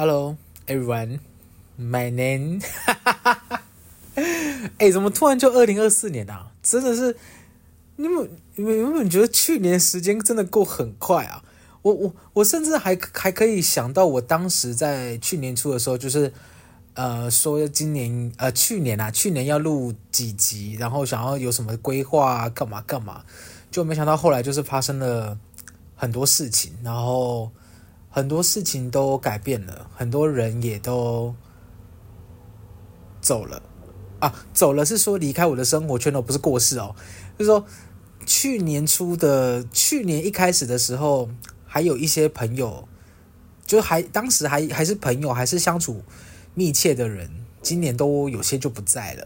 Hello, everyone. My name. 哈哈哈哈哈，哎，怎麼突然就二零二四年啊？真的是，你們你們覺得去年時間真的過很快啊。我我我甚至還還可以想到我當時在去年初的時候，就是呃說今年呃去年啊，去年要錄幾集，然後想要有什麼規劃啊，幹嘛幹嘛，就沒想到後來就是發生了很多事情，然後。很多事情都改變了，很多人也都走了，啊，走了是說離開我的生活圈，都不是過世哦，就是說去年初的去年一開始的時候，還有一些朋友，就還當時還還是朋友，還是相處密切的人，今年都有些就不在了，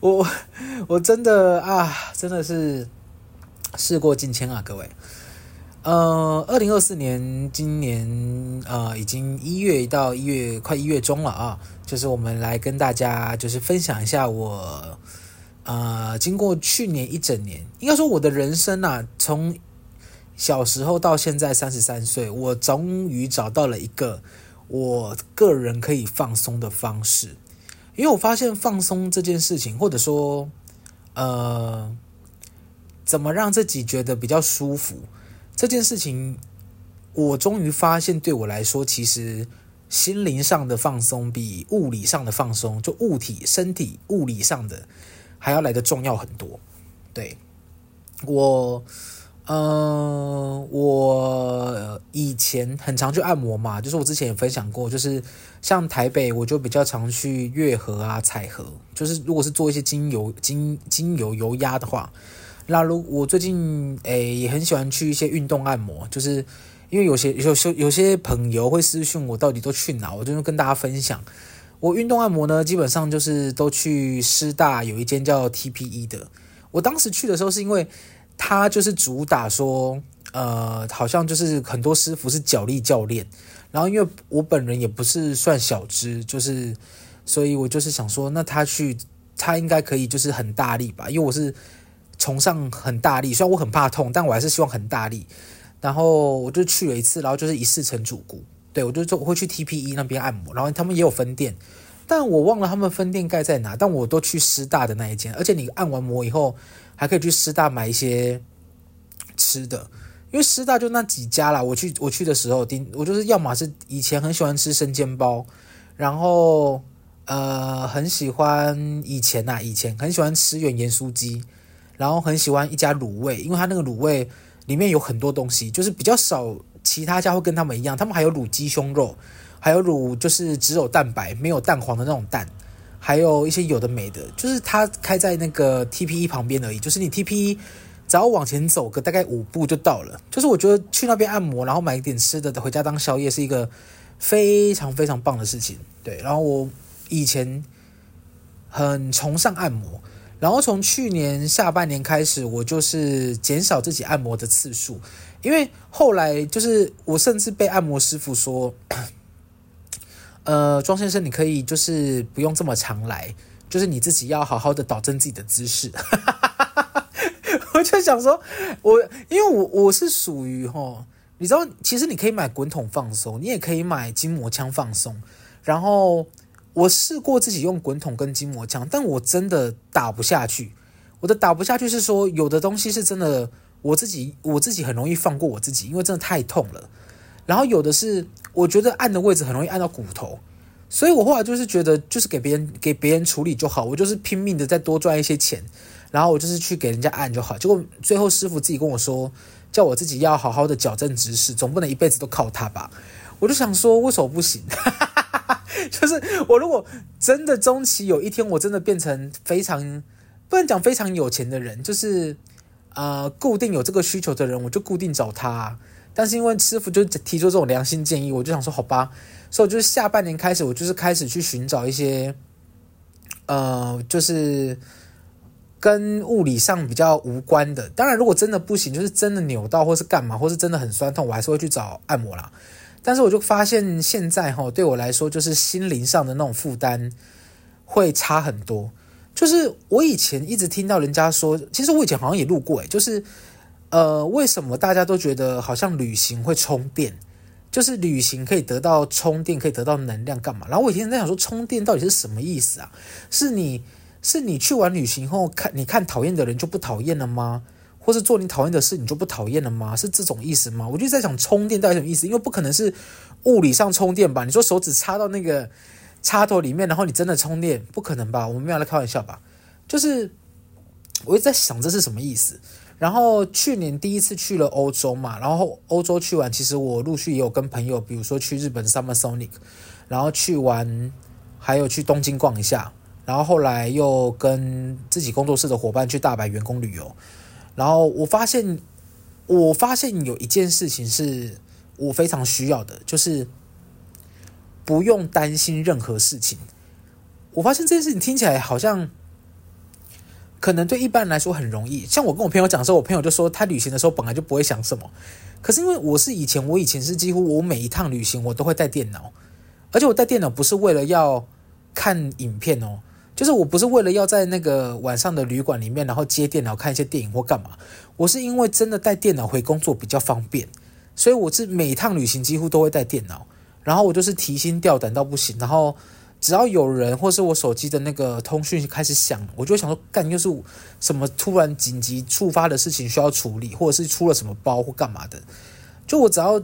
我我真的啊，真的是事過境遷啊，各位。呃，二零二四年，今年呃，已經一月到一月，快一月中了啊。就是我們來跟大家，就是分享一下我，呃，經過去年一整年，應該說我的人生吶、啊，從小時候到現在三十三歲，我終於找到了一個我個人可以放鬆的方式，因為我發現放鬆這件事情，或者說，呃，怎麼讓自己覺得比較舒服。這件事情，我終於發現，對我來說，其實心靈上的放鬆比物理上的放鬆，就物體、身體、物理上的，還要來得重要很多。對我，嗯、呃，我以前很常去按摩嘛，就是我之前也分享過，就是像台北，我就比較常去月河啊、彩河，就是如果是做一些精油、精精油油壓的話。那如我最近誒、欸、也很喜歡去一些運動按摩，就是因為有些有些有些朋友會私訊我到底都去哪，我就是跟大家分享。我運動按摩呢，基本上就是都去師大有一間叫 TPE 的。我當時去的時候是因為他就是主打說，呃，好像就是很多師傅是角力教練，然後因為我本人也不是算小隻，就是，所以我就是想說，那他去他應該可以就是很大力吧，因為我是。崇尚很大力，雖然我很怕痛，但我還是希望很大力。然後我就去了一次，然後就是一試成主顧。對，我就我會去 TPE 那邊按摩，然後他們也有分店，但我忘了他們分店蓋在哪，但我都去師大的那一間。而且你按完摩以後，還可以去師大買一些吃的，因為師大就那幾家啦。我去我去的時候，我就是要麼是以前很喜歡吃生煎包，然後呃很喜歡以前啊，以前很喜歡吃遠鹽酥雞。然後很喜歡一家滷味，因為它那個滷味裡面有很多東西，就是比較少其他家會跟他們一樣。他們還有滷雞胸肉，還有滷就是只有蛋白沒有蛋黃的那種蛋，還有一些有的沒的。就是它開在那個 TPE 旁邊而已，就是你 TPE 只要往前走個大概五步就到了。就是我覺得去那邊按摩，然後買一點吃的回家當宵夜是一個非常非常棒的事情。對，然後我以前很崇尚按摩。然後從去年下半年開始，我就是減少自己按摩的次數，因為後來就是我甚至被按摩師傅說，呃，莊先生你可以就是不用這麼常來，就是你自己要好好的導正自己的姿勢。 我就想說，我因為我我是屬於哈、哦，你知道，其實你可以買滾筒放鬆，你也可以買筋膜槍放鬆，然後。我試過自己用滾筒跟筋膜槍，但我真的打不下去。我的打不下去是說，有的東西是真的，我自己我自己很容易放過我自己，因為真的太痛了。然後有的是，我覺得按的位置很容易按到骨頭，所以我後來就是覺得，就是給別人給別人處理就好。我就是拼命的再多賺一些錢，然後我就是去給人家按就好。結果最後師傅自己跟我說，叫我自己要好好的矯正姿勢，總不能一輩子都靠他吧？我就想說，為什麼不行？ 就是我如果真的中期有一天我真的變成非常不能講非常有錢的人，就是啊、呃，固定有這個需求的人，我就固定找他。但是因為師傅就提出這種良心建議，我就想說好吧，所以就是下半年開始，我就是開始去尋找一些呃就是跟物理上比較無關的。當然如果真的不行，就是真的扭到或是幹嘛，或是真的很酸痛，我還是會去找按摩啦。但是我就發現現在吼，對我來說就是心靈上的那種負擔會差很多。就是我以前一直聽到人家說，其實我以前好像也錄過、欸，就是呃，為什麼大家都覺得好像旅行會充電？就是旅行可以得到充電，可以得到能量，幹嘛？然後我以前在想說，充電到底是什麼意思啊？是你，是你去完旅行後看你看討厭的人就不討厭了嗎？都是做你討厭的事，你就不討厭了嗎？是這種意思嗎？我就在想充電到底什麼意思，因為不可能是物理上充電吧？你說手指插到那個插頭裡面，然後你真的充電，不可能吧？我們沒有來開玩笑吧？就是我一直在想這是什麼意思。然後去年第一次去了歐洲嘛，然後歐洲去完，其實我陸續也有跟朋友，比如說去日本 Summer Sonic，然後去玩，還有去東京逛一下，然後後來又跟自己工作室的夥伴去大阪員工旅遊。然後我發現，我發現有一件事情是我非常需要的，就是不用擔心任何事情。我發現這件事情聽起來好像可能對一般人來說很容易。像我跟我朋友講的時候，我朋友就說他旅行的時候本來就不會想什麼。可是因為我是以前，我以前是幾乎我每一趟旅行我都會帶電腦，而且我帶電腦不是為了要看影片哦。就是我不是為了要在那個晚上的旅館裡面，然後接電腦看一些電影或幹嘛，我是因為真的帶電腦回工作比較方便，所以我是每趟旅行幾乎都會帶電腦，然後我就是提心吊膽到不行，然後只要有人或是我手機的那個通訊開始響，我就想說幹，就是什麼突然緊急觸發的事情需要處理，或者是出了什麼包或幹嘛的，就我只要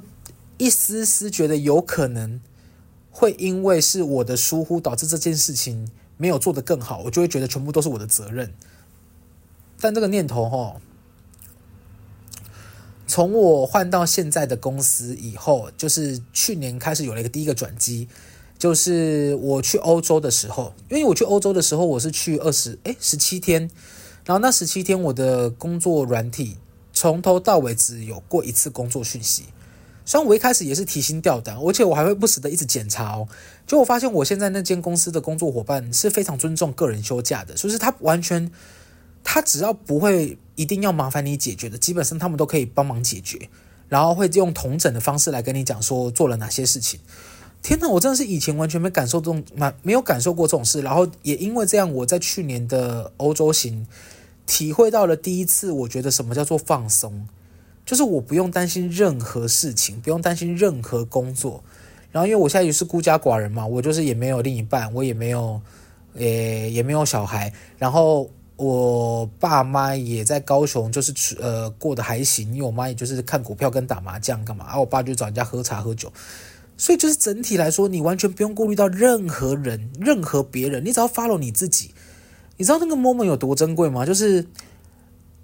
一絲絲覺得有可能會因為是我的疏忽導致這件事情。沒有做得更好，我就會覺得全部都是我的責任。但這個念頭哈、哦，從我換到現在的公司以後，就是去年開始有了一個第一個轉機，就是我去歐洲的時候，因為我去歐洲的時候我是去二十，誒，十七天，然後那十七天我的工作軟體從頭到尾只有過一次工作訊息。雖然我一開始也是提心吊膽，而且我還會不時的一直檢查哦。就我發現，我現在那間公司的工作伙伴是非常尊重個人休假的，就是他完全，他只要不會一定要麻煩你解決的，基本上他們都可以幫忙解決，然後會用統整的方式來跟你講說做了哪些事情。天吶，我真的是以前完全沒感受這種，蠻沒有感受過這種事，然後也因為這樣，我在去年的歐洲行體會到了第一次，我覺得什麼叫做放鬆。就是我不用擔心任何事情，不用擔心任何工作。然後，因為我現在也是孤家寡人嘛，我就是也沒有另一半，我也沒有，誒、欸，也沒有小孩。然後我爸媽也在高雄，就是呃過得還行，因為我媽也就是看股票跟打麻將幹嘛，然後我爸就找人家喝茶喝酒。所以就是整體來說，你完全不用顧慮到任何人、任何別人，你只要 follow 你自己。你知道那個 moment 有多珍貴嗎？就是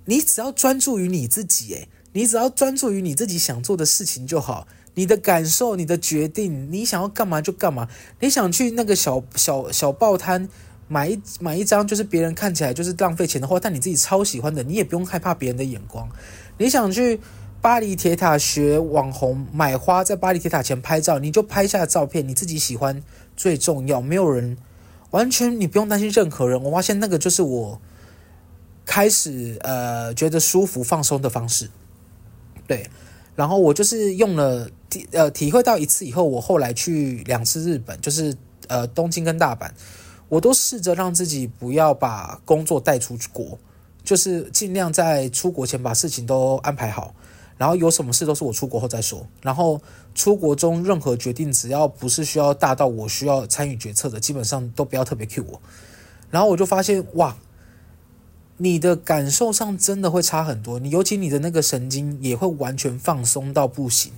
你只要專注於你自己、欸，你只要專注於你自己想做的事情就好。你的感受、你的決定，你想要幹嘛就幹嘛。你想去那個小小小報攤買一買一張，就是別人看起來就是浪費錢的話，但你自己超喜歡的，你也不用害怕別人的眼光。你想去巴黎鐵塔學網紅買花，在巴黎鐵塔前拍照，你就拍下照片，你自己喜歡最重要。沒有人，完全你不用擔心任何人。我發現那個就是我開始呃覺得舒服放鬆的方式。對，然後我就是用了，呃，體會到一次以後，我後來去兩次日本，就是呃東京跟大阪，我都試着讓自己不要把工作帶出國，就是儘量在出國前把事情都安排好，然後有什麼事都是我出國後再說，然後出國中任何決定只要不是需要大到我需要參與決策的，基本上都不要特別 cue 我，然後我就發現哇。你的感受上真的會差很多，你尤其你的那個神經也會完全放鬆到不行。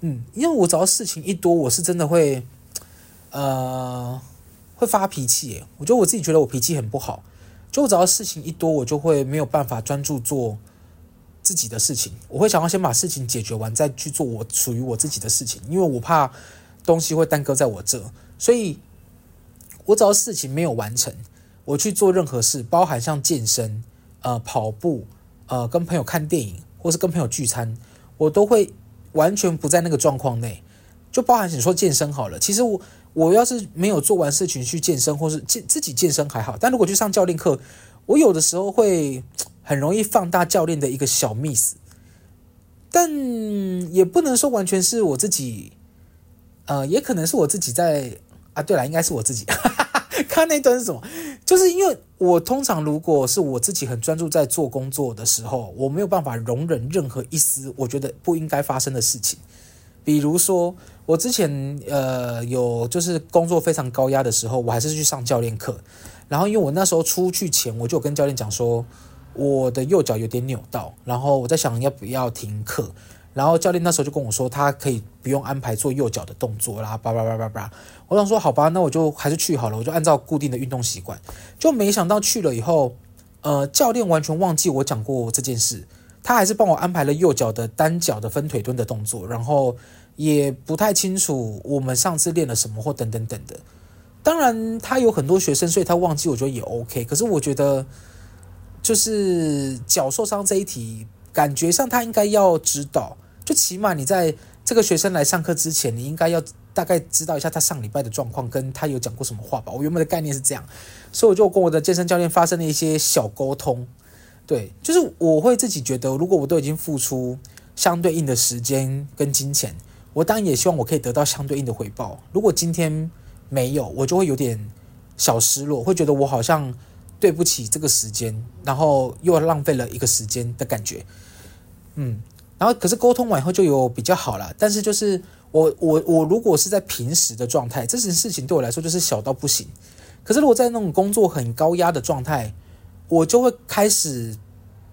嗯，因為我只要事情一多，我是真的會，呃，會發脾氣欸。我覺得我自己覺得我脾氣很不好，就我只要事情一多，我就會沒有辦法專注做自己的事情。我會想要先把事情解決完，再去做我屬於我自己的事情，因為我怕東西會耽擱在我這，所以我只要事情沒有完成。我去做任何事，包含像健身、呃跑步、呃跟朋友看電影，或是跟朋友聚餐，我都會完全不在那個狀況內。就包含你說健身好了，其實我我要是沒有做完事情去健身，或是健自己健身還好，但如果去上教練課，我有的時候會很容易放大教練的一個小 miss，但也不能說完全是我自己，呃，也可能是我自己在啊，對了，應該是我自己。 他 那段是什麼？就是因為我通常，如果是我自己很專注在做工作的時候，我沒有辦法容忍任何一絲我覺得不應該發生的事情。比如說，我之前呃有就是工作非常高壓的時候，我還是去上教練課。然後因為我那時候出去前，我就跟教練講說，我的右腳有點扭到，然後我在想要不要停課。然後教練那時候就跟我說，他可以不用安排做右腳的動作啦，叭叭叭叭叭。我想說好吧，那我就還是去好了，我就按照固定的運動習慣。就沒想到去了以後，呃，教練完全忘記我講過這件事，他還是幫我安排了右腳的單腳的分腿蹲的動作，然後也不太清楚我們上次練了什麼或等等等等的。當然他有很多學生，所以他忘記，我覺得也 OK。可是我覺得就是腳受傷這一題，感覺上他應該要知道。就起碼你在這個學生來上課之前，你應該要大概知道一下他上禮拜的狀況，跟他有講過什麼話吧。我原本的概念是這樣，所以我就跟我的健身教練發生了一些小溝通。對，就是我會自己覺得，如果我都已經付出相對應的時間跟金錢，我當然也希望我可以得到相對應的回報。如果今天沒有，我就會有點小失落，會覺得我好像對不起這個時間，然後又浪費了一個時間的感覺。嗯。然後，可是溝通完以後就有比較好了。但是就是我我我如果是在平時的狀態，這件事情對我來說就是小到不行。可是如果在那種工作很高壓的狀態，我就會開始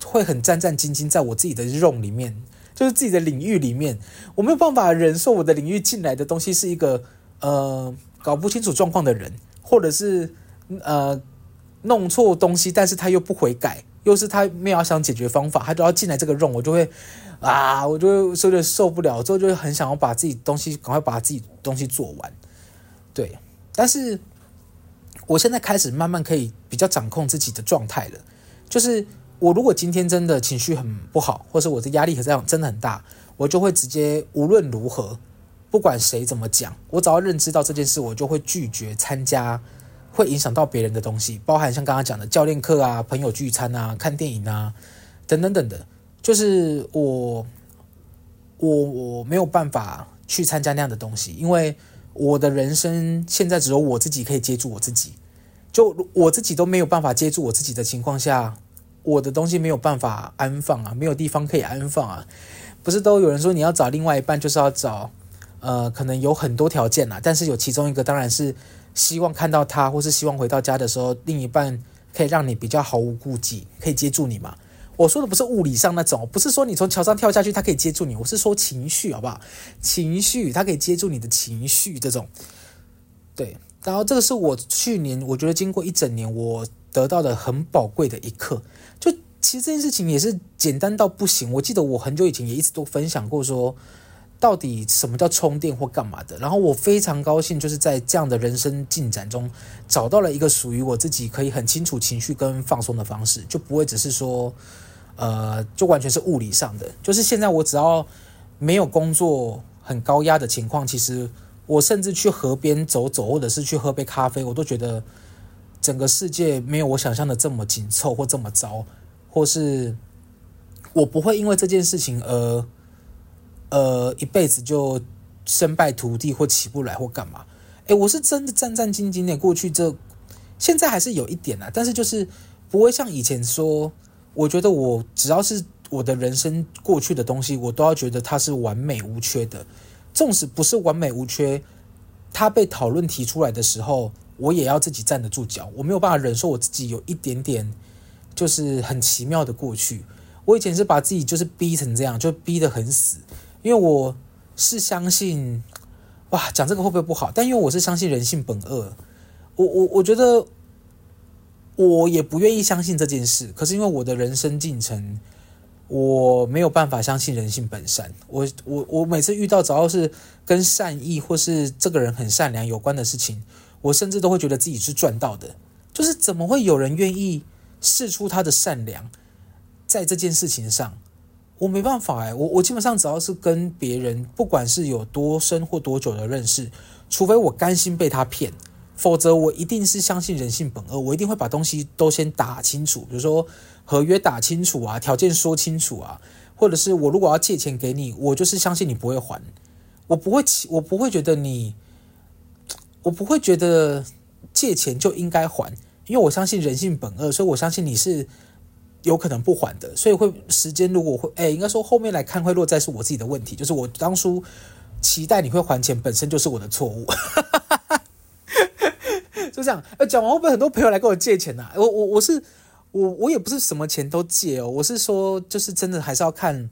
會很戰戰兢兢，在我自己的 room 裡面，就是自己的領域裡面，我沒有辦法忍受我的領域進來的東西是一個呃搞不清楚狀況的人，或者是呃弄錯東西，但是他又不悔改，又是他沒有想解決方法，他就要進來這個 room，我就會。啊，我就稍微受不了，之後就很想要把自己的東西趕快把自己東西做完。對，但是我現在開始慢慢可以比較掌控自己的狀態了。就是我如果今天真的情緒很不好，或者是我的壓力和這樣真的很大，我就會直接無論如何，不管誰怎麼講，我只要認知到這件事，我就會拒絕參加，會影響到別人的東西，包含像剛剛講的教練課啊、朋友聚餐啊、看電影啊等等等等的。就是我，我我沒有辦法去參加那樣的東西，因為我的人生現在只有我自己可以接住我自己。就我自己都沒有辦法接住我自己的情況下，我的東西沒有辦法安放啊，沒有地方可以安放啊。不是都有人說你要找另外一半，就是要找呃，可能有很多條件啊，但是有其中一個當然是希望看到他，或是希望回到家的時候，另一半可以讓你比較毫無顧忌，可以接住你嘛。我說的不是物理上那種，不是說你從橋上跳下去，他可以接住你。我是說情緒，好不好？情緒，他可以接住你的情緒，這種。對，然後這個是我去年，我覺得經過一整年，我得到的很寶貴的一課。就其實這件事情也是簡單到不行。我記得我很久以前也一直都分享過說，說到底什麼叫充電或幹嘛的。然後我非常高興，就是在這樣的人生進展中，找到了一個屬於我自己可以很清楚情緒跟放鬆的方式，就不會只是說。呃，就完全是物理上的。就是現在，我只要沒有工作很高壓的情況，其實我甚至去河邊走走，或者是去喝杯咖啡，我都覺得整個世界沒有我想象的這麼緊湊或這麼糟，或是我不會因為這件事情而呃一輩子就身敗塗地，或起不來或幹嘛。誒，我是真的戰戰兢兢的過去這，這現在還是有一點啊，但是就是不會像以前說。我覺得我只要是我的人生過去的東西，我都要覺得它是完美無缺的。縱使不是完美無缺，它被討論提出來的時候，我也要自己站得住腳。我沒有辦法忍受我自己有一點點就是很奇妙的過去。我以前是把自己就是逼成這樣，就逼得很死，因為我是相信哇，講這個會不會不好？但因為我是相信人性本惡，我我我覺得。我也不願意相信這件事，可是因為我的人生進程，我沒有辦法相信人性本善。我我我每次遇到只要是跟善意或是這個人很善良有關的事情，我甚至都會覺得自己是賺到的。就是怎麼會有人願意釋出他的善良？在這件事情上，我沒辦法哎、欸，我我基本上只要是跟別人，不管是有多深或多久的認識，除非我甘心被他騙。否則，我一定是相信人性本惡，我一定會把東西都先打清楚，比如說合約打清楚啊，條件說清楚啊，或者是我如果要借錢給你，我就是相信你不會還，我不會我不會覺得你，我不會覺得借錢就應該還，因為我相信人性本惡，所以我相信你是有可能不還的，所以會時間如果會，哎、欸，應該說後面來看會落在是我自己的問題，就是我當初期待你會還錢本身就是我的錯誤。 就這樣，呃、欸，講完會不會很多朋友來跟我借錢啊？我我我是我我也不是什麼錢都借哦、喔，我是說就是真的還是要看，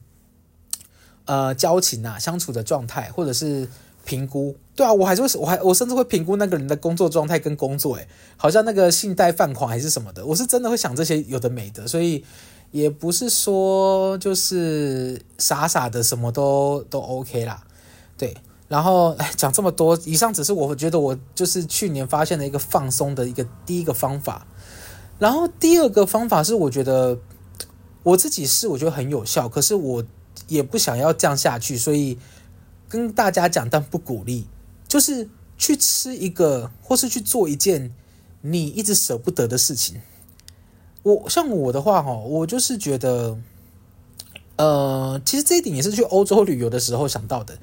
呃，交情啊，相處的狀態或者是評估，對啊，我還是會，我還我甚至會評估那個人的工作狀態跟工作、欸，哎，好像那個信貸放款還是什麼的，我是真的會想這些有的沒的，所以也不是說就是傻傻的什麼都都 OK 啦，對。然後，講這麼多，以上只是我覺得我就是去年發現的一個放鬆的一個第一個方法。然後第二個方法是，我覺得我自己是，我覺得很有效，可是我也不想要這樣下去，所以跟大家講，但不鼓勵，就是去吃一個，或是去做一件你一直捨不得的事情。我像我的話，哦，我就是覺得，呃，其實這一點也是去歐洲旅遊的時候想到的。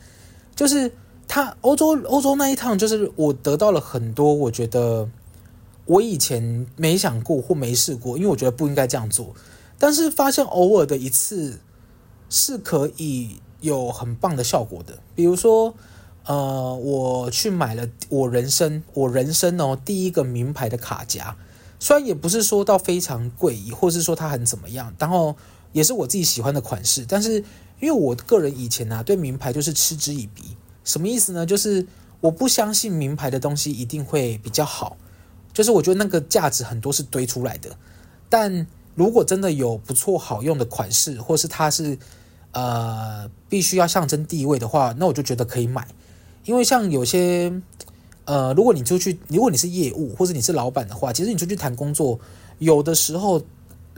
就是他歐洲歐洲那一趟，就是我得到了很多，我覺得我以前沒想過或沒試過，因為我覺得不應該這樣做，但是發現偶爾的一次是可以有很棒的效果的。比如說，呃，我去買了我人生我人生哦第一個名牌的卡夾，雖然也不是說到非常貴，或是說它很怎麼樣，然後也是我自己喜歡的款式，但是。因為我個人以前啊，對名牌就是嗤之以鼻。什麼意思呢？就是我不相信名牌的東西一定會比較好，就是我覺得那個價值很多是堆出來的。但如果真的有不錯好用的款式，或是它是呃必須要象徵地位的話，那我就覺得可以買。因為像有些呃，如果你出去，如果你是業務或是你是老闆的話，其實你出去談工作，有的時候。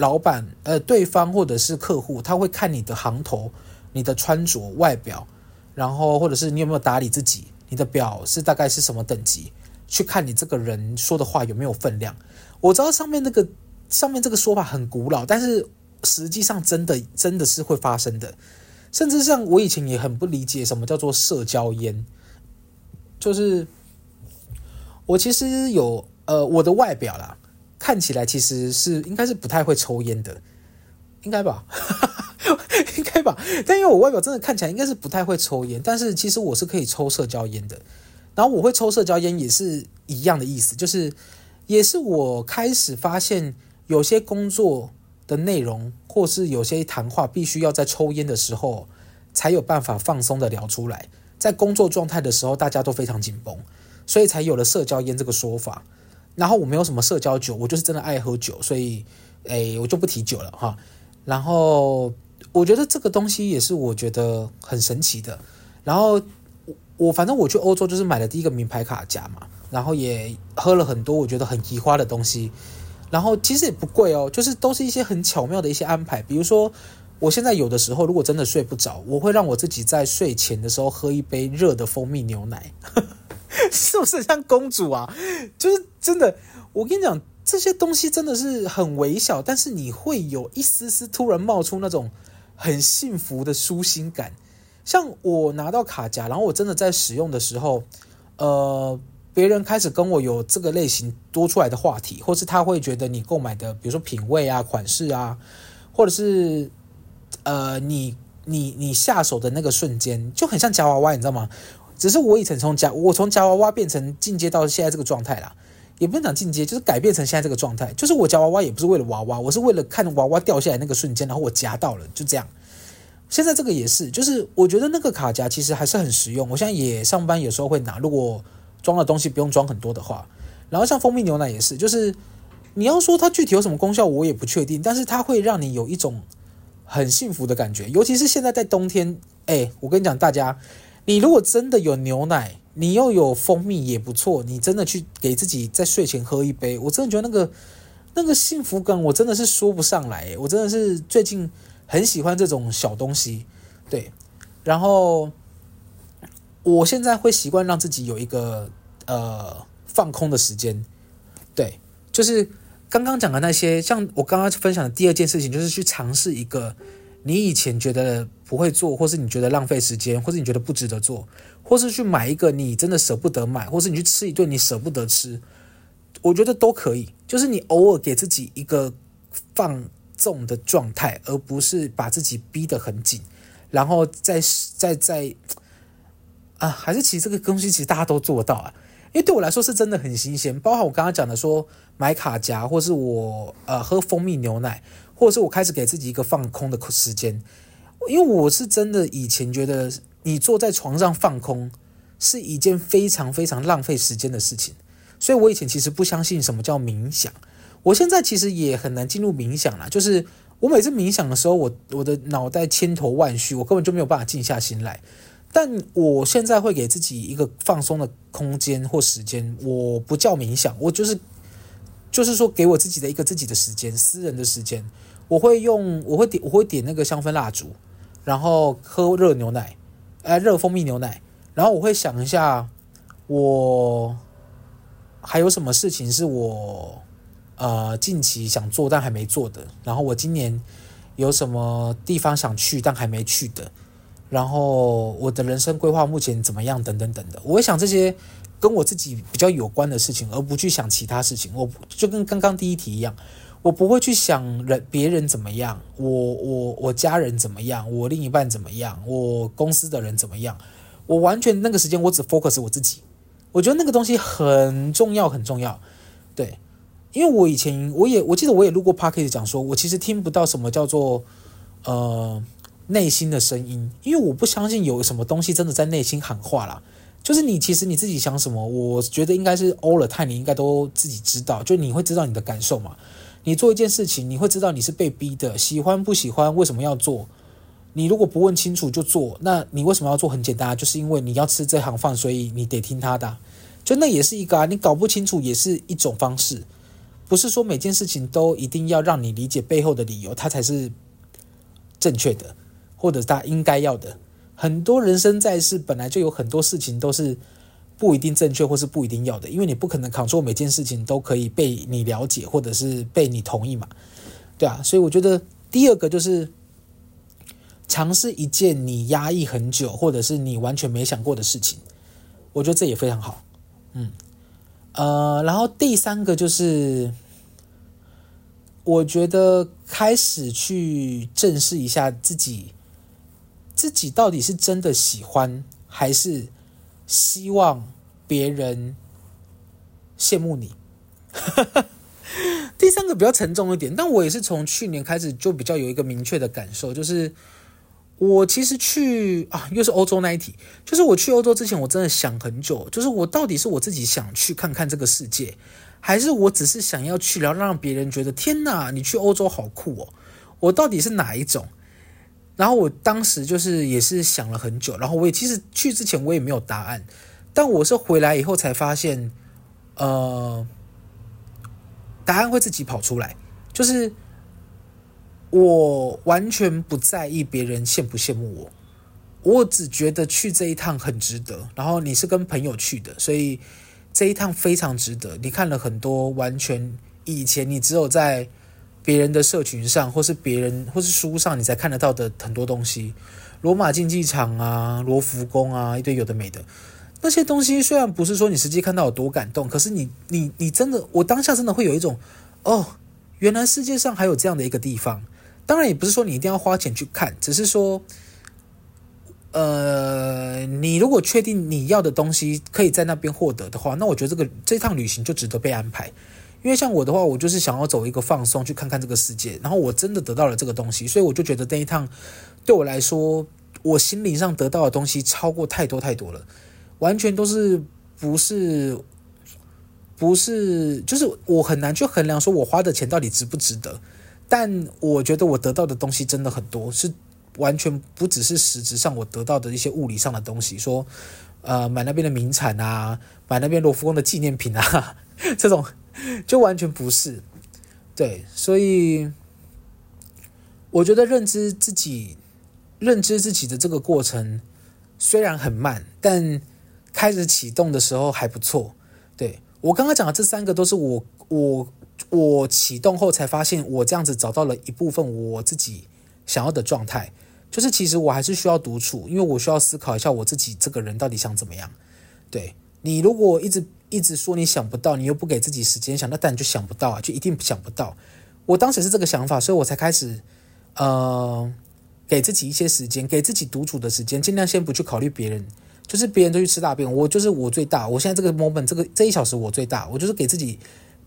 老闆，呃，對方或者是客戶，他會看你的行頭、你的穿着、外表，然後或者是你有沒有打理自己，你的表是大概是什麼等級，去看你這個人說的話有沒有分量。我知道上面那個上面這個說法很古老，但是實際上真的真的是會發生的。甚至像我以前也很不理解什麼叫做社交菸，就是我其實有呃我的外表啦，看起來其實是應該是不太會抽煙的，應該吧， 應該吧。但因為我外表真的看起來應該是不太會抽煙，但是其實我是可以抽社交煙的。然後我會抽社交煙也是一樣的意思，就是也是我開始發現有些工作的內容或是有些談話，必須要在抽煙的時候才有辦法放鬆的聊出來。在工作狀態的時候，大家都非常緊繃，所以才有了社交煙這個說法。然後我沒有什麼社交酒，我就是真的愛喝酒，所以，誒，我就不提酒了哈。然後我覺得這個東西也是我覺得很神奇的。然後我我反正我去歐洲就是買了第一個名牌卡夾嘛，然後也喝了很多我覺得很怡花的東西。然後其實也不貴哦，就是都是一些很巧妙的一些安排。比如說，我現在有的時候如果真的睡不着，我會讓我自己在睡前的時候喝一杯熱的蜂蜜牛奶。 是不是像公主啊？就是真的，我跟你講，這些東西真的是很微小，但是你會有一絲絲突然冒出那種很幸福的舒心感。像我拿到卡夾，然後我真的在使用的時候，呃，別人開始跟我有這個類型多出來的話題，或是他會覺得你購買的，比如說品味啊、款式啊，或者是呃，你你你下手的那個瞬間，就很像夾娃娃，你知道嗎？只是我以前從夾，我從夾娃娃變成進階到現在這個狀態啦，也不能講進階，就是改變成現在這個狀態。就是我夾娃娃也不是為了娃娃，我是為了看娃娃掉下來那個瞬間，然後我夾到了，就這樣。現在這個也是，就是我覺得那個卡夾其實還是很實用。我現在也上班，有時候會拿，如果裝的東西不用裝很多的話。然後像蜂蜜牛奶也是，就是你要說它具體有什麼功效，我也不確定，但是它會讓你有一種很幸福的感覺，尤其是現在在冬天，欸，我跟你講，大家。你如果真的有牛奶，你又有蜂蜜也不錯。你真的去給自己在睡前喝一杯，我真的覺得那個那個幸福感，我真的是說不上來欸。我真的是最近很喜歡這種小東西。對，然後我現在會習慣讓自己有一個呃放空的時間。對，就是剛剛講的那些，像我剛剛分享的第二件事情，就是去嘗試一個。你以前覺得不會做，或是你覺得浪費時間，或是你覺得不值得做，或是去買一個你真的捨不得買，或是你去吃一頓你捨不得吃，我覺得都可以。就是你偶爾給自己一個放縱的狀態，而不是把自己逼得很緊，然後再、再、再……啊，還是其實這個東西其實大家都做到啊。因為對我來說是真的很新鮮，包括我剛剛講的說買卡夾，或是我呃喝蜂蜜牛奶。或者是我開始給自己一個放空的時間，因為我是真的以前覺得你坐在床上放空是一件非常非常浪費時間的事情，所以我以前其實不相信什麼叫冥想。我現在其實也很難進入冥想了。就是我每次冥想的時候我，我我的腦袋千頭萬緒，我根本就沒有辦法靜下心來。但我現在會給自己一個放鬆的空間或時間，我不叫冥想，我就是就是說給我自己的一個自己的時間，私人的時間。我會用，我會點，我會點那個香氛蠟燭，然後喝熱牛奶，哎、呃，熱蜂蜜牛奶。然後我會想一下，我還有什麼事情是我呃近期想做但還沒做的？然後我今年有什麼地方想去但還沒去的？然後我的人生規劃目前怎麼樣？等等等等的，我會想這些跟我自己比較有關的事情，而不去想其他事情。我就跟剛剛第一題一樣。我不會去想人、別人怎麼樣，我我我家人怎麼樣，我另一半怎麼樣，我公司的人怎麼樣，我完全那個時間我只 focus 我自己，我覺得那個東西很重要很重要，對，因為我以前我也我記得我也錄過 podcast 講說，我其實聽不到什麼叫做呃內心的聲音，因為我不相信有什麼東西真的在內心喊話啦，就是你其實你自己想什麼，我覺得應該是 all the time 你應該都自己知道，就你會知道你的感受嘛。你做一件事情，你會知道你是被逼的，喜歡不喜歡？為什麼要做？你如果不問清楚就做，那你為什麼要做？很簡單，就是因為你要吃這行飯，所以你得聽他的。就那也是一個啊，你搞不清楚也是一種方式，不是說每件事情都一定要讓你理解背後的理由，它才是正確的，或者它應該要的。很多人生在世本來就有很多事情都是，不一定正確，或是不一定要的，因為你不可能 control 每件事情都可以被你了解，或者是被你同意嘛，對啊。所以我覺得第二個就是嘗試一件你壓抑很久，或者是你完全沒想過的事情，我覺得這也非常好。嗯，呃，然後第三個就是我覺得開始去正視一下自己，自己到底是真的喜歡還是？希望別人羨慕你。 第三個比較沉重一點，但我也是從去年開始就比較有一個明確的感受，就是我其實去啊，又是歐洲那一題，就是我去歐洲之前，我真的想很久，就是我到底是我自己想去看看這個世界，還是我只是想要去，然後讓別人覺得天哪，你去歐洲好酷哦，我到底是哪一種？然後我當時就是也是想了很久，然後我也其實去之前我也沒有答案，但我是回來以後才發現，呃，答案會自己跑出來。就是我完全不在意別人羨不羨慕我，我只覺得去這一趟很值得。然後你是跟朋友去的，所以這一趟非常值得。你看了很多，完全以前你只有在。別人的社群上，或是別人，或是書上，你才看得到的很多東西，羅馬競技場啊，羅浮宮啊，一堆有的沒的，那些東西雖然不是說你實際看到有多感動，可是你你你真的，我當下真的會有一種，哦，原來世界上還有這樣的一個地方。當然也不是說你一定要花錢去看，只是說，呃，你如果確定你要的東西可以在那邊獲得的話，那我覺得這個這趟旅行就值得被安排。因為像我的話，我就是想要走一個放鬆，去看看這個世界。然後我真的得到了這個東西，所以我就覺得那一趟對我來說，我心理上得到的東西超過太多太多了，完全都是不是不是，就是我很難去衡量說我花的錢到底值不值得。但我覺得我得到的東西真的很多，是完全不只是實質上我得到的一些物理上的東西，說，呃、買那邊的名產啊，買那邊羅浮宮的紀念品啊，這種。 就完全不是，對，所以我覺得認知自己、認知自己的這個過程雖然很慢，但開始啟動的時候還不錯。對，我剛剛講的這三個都是我、我、我啟動後才發現，我這樣子找到了一部分我自己想要的狀態。就是其實我還是需要獨處，因為我需要思考一下我自己這個人到底想怎麼樣。對，你如果一直。一直說你想不到，你又不給自己時間想到，但就想不到啊，就一定想不到。我當時是這個想法，所以我才開始，呃，給自己一些時間，給自己獨處的時間，盡量先不去考慮別人。就是別人都去吃大便，我就是我最大。我現在這個 moment 這個這一小時我最大，我就是給自己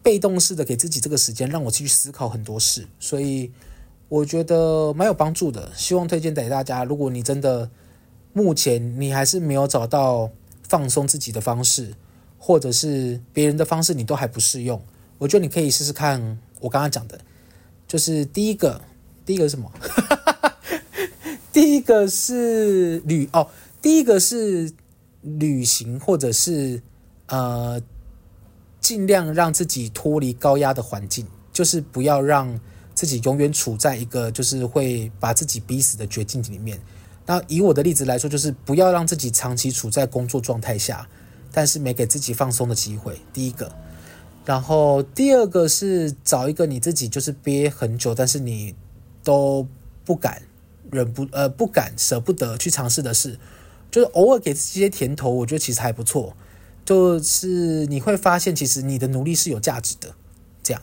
被動式的給自己這個時間，讓我繼續思考很多事。所以我覺得蠻有幫助的，希望推薦給大家。如果你真的目前你還是沒有找到放鬆自己的方式。或者是別人的方式，你都還不適用。我覺得你可以試試看我剛剛講的，就是第一個，第一個是什麼？ 第一個是旅哦、oh，第一個是旅行，或者是呃，盡量讓自己脫離高壓的環境，就是不要讓自己永遠處在一個就是會把自己逼死的絕境裡面。那以我的例子來說，就是不要讓自己長期處在工作狀態下。但是沒給自己放鬆的機會，第一個，然後第二個是找一個你自己就是憋很久，但是你都不敢、忍不呃不敢、捨不得去嘗試的事，就是偶爾給自己一些甜頭，我覺得其實還不錯。就是你會發現，其實你的努力是有價值的。這樣，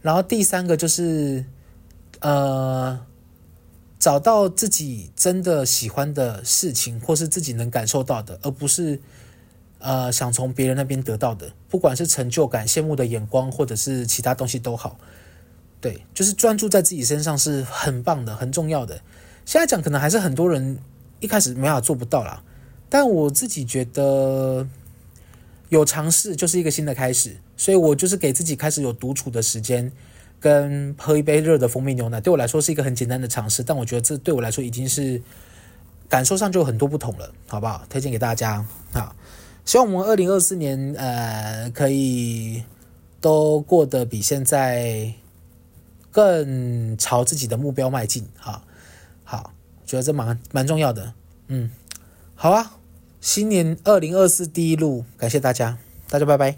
然後第三個就是呃，找到自己真的喜歡的事情，或是自己能感受到的，而不是。呃，想從別人那邊得到的，不管是成就感、羨慕的眼光，或者是其他東西都好，對，就是專注在自己身上是很棒的，很重要的。現在講可能還是很多人一開始沒法做不到啦，但我自己覺得有嘗試就是一個新的開始，所以我就是給自己開始有獨處的時間，跟喝一杯熱的蜂蜜牛奶，對我來說是一個很簡單的嘗試，但我覺得這對我來說已經是感受上就有很多不同了，好不好？推薦給大家啊。好希望我們二零二四年，呃，可以都過得比現在更朝自己的目標邁進，哈。好，覺得這蠻蠻重要的，嗯。好啊，新年二零二四第一更，感謝大家，大家拜拜。